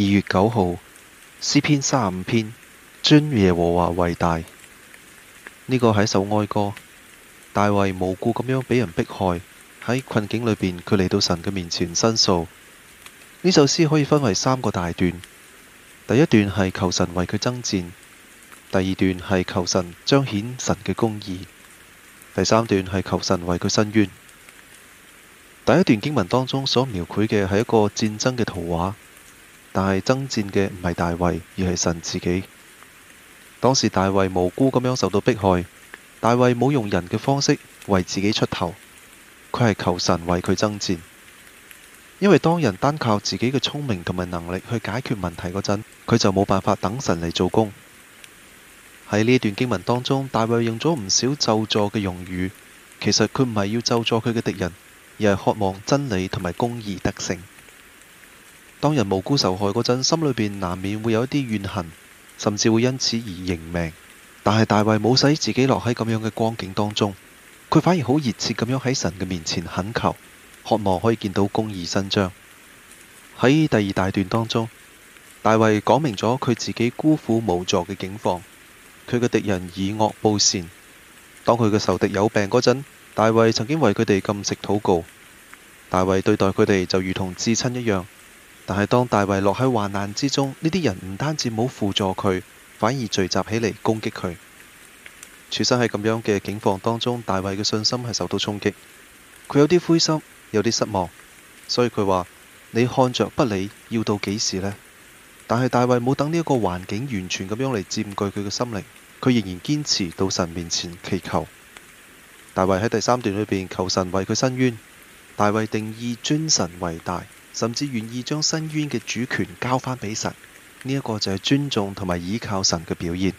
二月九號，詩篇三十五篇，尊耶和華為大。呢個係首哀歌，大衛無故咁樣俾人迫害，喺困境裏邊，佢嚟到神嘅面前申訴。呢首詩可以分為三個大段。第一段係求神為佢爭戰；第二段係求神彰顯神嘅公義；第三段係求神為佢伸冤。第一段經文當中所描繪嘅係一個戰爭嘅圖畫。但係爭戰嘅唔係大衛，而係神自己。當時大衛無辜咁樣受到迫害，大衛冇用人嘅方式為自己出頭，佢係求神為佢爭戰。因為當人單靠自己嘅聰明同埋能力去解決問題嗰陣，佢就冇辦法等神嚟做工。喺呢段經文當中，大衛用咗唔少咒詛嘅用語，其實佢唔係要咒詛佢嘅敵人，而係渴望真理同埋公義得勝。當人無辜受害嗰陣，心裏邊難免會有一啲怨恨，甚至會因此而認命。但係大衛冇使自己落喺咁樣嘅光景當中，佢反而好熱切咁樣喺神嘅面前懇求，渴望可以見到公義伸張。喺第二大段當中，大衛講明咗佢自己孤苦無助嘅境況，佢嘅敵人以惡報善。當佢嘅仇敵有病嗰陣，大衛曾經為佢哋禁食禱告。大衛對待佢哋就如同至親一樣。但係當大衛落喺患難之中，呢啲人，唔單止冇輔助佢，反而聚集起嚟攻擊佢。處身喺咁樣嘅境況當中，大衛嘅信心係受到衝擊，佢有啲灰心，有啲失望，所以佢話：「你看着不理，要到幾時呢？」但係大衛冇等呢一個環境完全咁樣嚟佔據佢嘅心靈，佢仍然堅持到神面前祈求。大衛喺第三段裏邊求神為佢伸冤。大衛定意尊神為大。甚至願意將伸冤嘅主權交返畀神，呢一個就係尊重同埋倚靠神嘅表現。